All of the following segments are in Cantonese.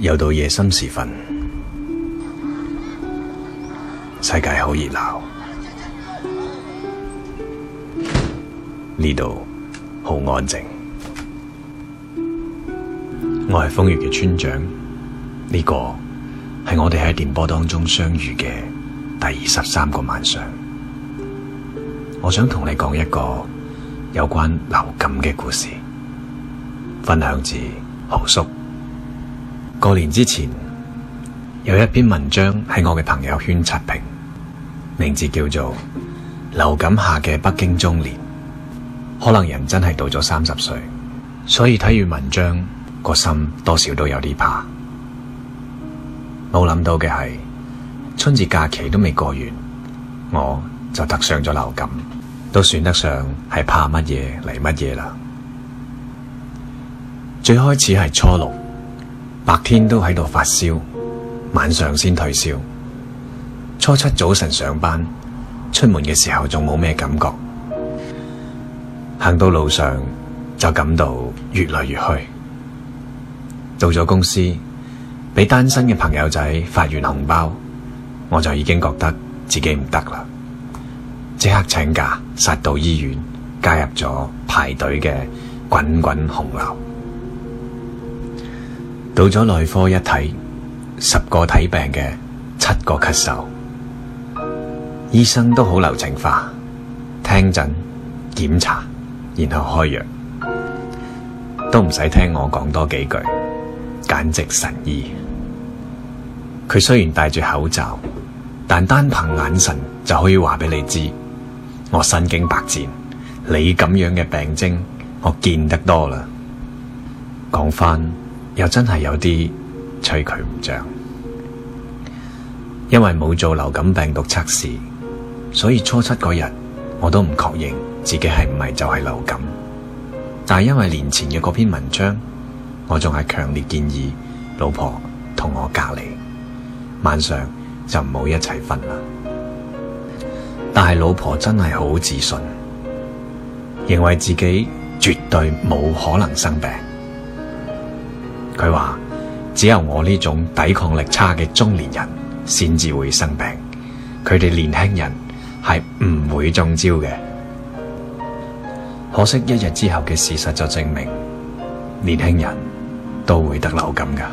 又到夜深時分，世界好熱鬧，呢度好安靜。我係瘋粵嘅村長，呢、這個係我哋喺電波當中相遇嘅第二十三個晚上。我想同你講一個有關流感嘅故事，分享自耗叔。過年之前有一篇文章喺我嘅朋友圈刷屏，名字叫做《流感下嘅北京中年》。可能人真係到咗三十歲，所以睇完文章個心多少都有啲怕。冇諗到嘅係春節假期都未過完，我就得上咗流感，都算得上係怕乜嘢嚟乜嘢啦。最開始係初六。白天都喺度發燒，晚上先退燒。初七早晨上班，出門嘅時候仲冇咩感覺，行到路上就感到越嚟越虛。到咗公司，俾單身嘅朋友仔發完紅包，我就已經覺得自己唔得啦，即刻請假，殺到醫院，加入咗排隊嘅滾滾洪流。到咗內科一睇，十個睇病嘅七個咳嗽，醫生都好流程化，聽診、檢查，然後開藥，都唔使聽我講多幾句，簡直神醫。佢雖然戴住口罩，但單憑眼神就可以話俾你知，我身經百戰，你咁樣嘅病徵，我見得多啦。講翻。又真係有啲吹佢唔脹，因為冇做流感病毒測試，所以初七嗰日我都唔確認自己係唔係就係流感。但係因為年前嘅嗰篇文章，我仲係強烈建議老婆同我隔離，晚上就唔好一齊瞓啦。但係老婆真係好自信，認為自己絕對冇可能生病。佢話只有我呢種抵抗力差嘅中年人先至會生病，佢哋年輕人係唔會中招嘅。可惜一日之後嘅事實就證明，年輕人都會得流感噶。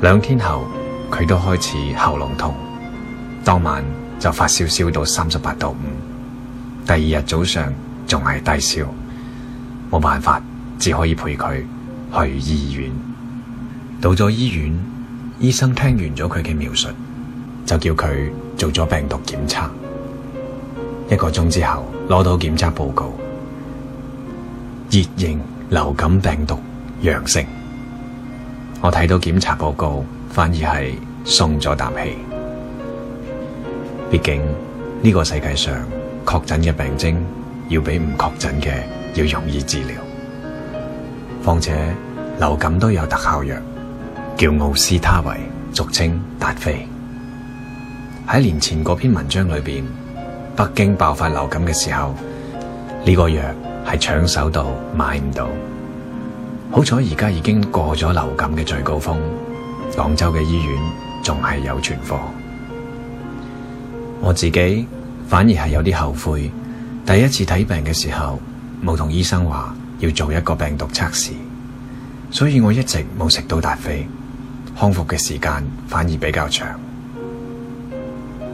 兩天後佢都開始喉嚨痛，當晚就發燒燒到三十八度五，第二日早上仲係低燒，冇辦法只可以陪佢，去醫院，到咗醫院，醫生聽完咗佢嘅描述，就叫佢做咗病毒檢測。一個鐘之後攞到檢測報告，乙型流感病毒陽性。我睇到檢查報告，反而係鬆咗啖氣。畢竟呢個世界上確診嘅病徵，要比唔確診嘅要容易治療。況且流感都有特效藥，叫奧司他韋，俗稱達菲。喺年前嗰篇文章裏邊，北京爆發流感嘅時候，呢個藥係搶手到買唔到。好彩而家已經過咗流感嘅最高峰，廣州嘅醫院仲係有存貨。我自己反而係有啲後悔，第一次睇病嘅時候冇同醫生話，要做一個病毒測試，所以我一直冇食到達菲，康復嘅時間反而比較長。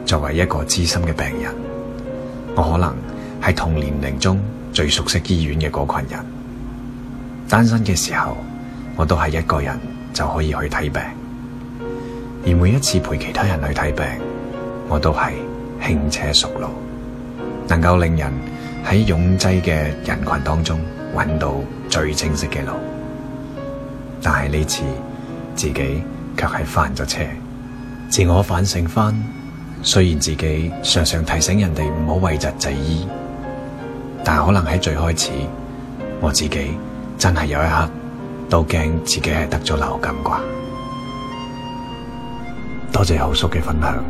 作為一個資深嘅病人，我可能係同年齡中最熟悉醫院嘅嗰羣人。單身嘅時候，我都係一個人就可以去睇病，而每一次陪其他人去睇病，我都係輕車熟路，能夠令人喺擁擠嘅人群當中。搵到最清晰嘅路，但係呢次自己卻係翻咗車。自我反省翻，雖然自己常常提醒人哋唔好諱疾忌醫，但可能喺最開始，我自己真係有一刻都驚自己係得咗流感啩。多謝耗叔嘅分享，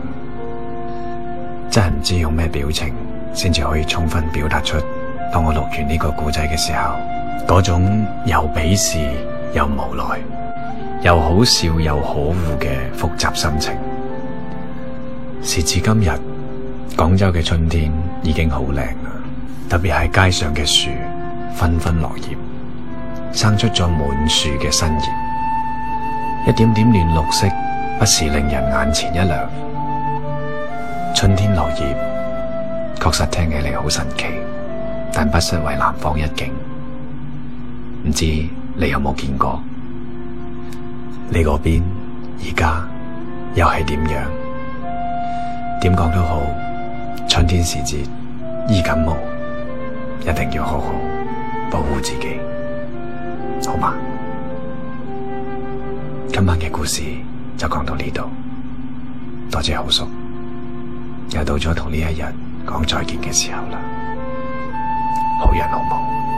真係唔知用咩表情先至可以充分表達出。當我錄完呢個故仔嘅時候，嗰種又鄙視又無奈，又好笑又可惡嘅複雜心情，時至今日，廣州嘅春天已經好靚啦，特別係街上嘅樹紛紛落葉，生出咗滿樹嘅新葉，一點點嫩綠色，不時令人眼前一亮。春天落葉，確實聽起嚟好神奇。但不失為南方一景，唔知你有冇見過？你嗰邊而家又係點樣？點講都好，春天時節易感冒，一定要好好保護自己，好嗎？今晚嘅故事就講到呢度，多謝耗叔，又到咗同呢一日講再見嘅時候啦。好人好夢。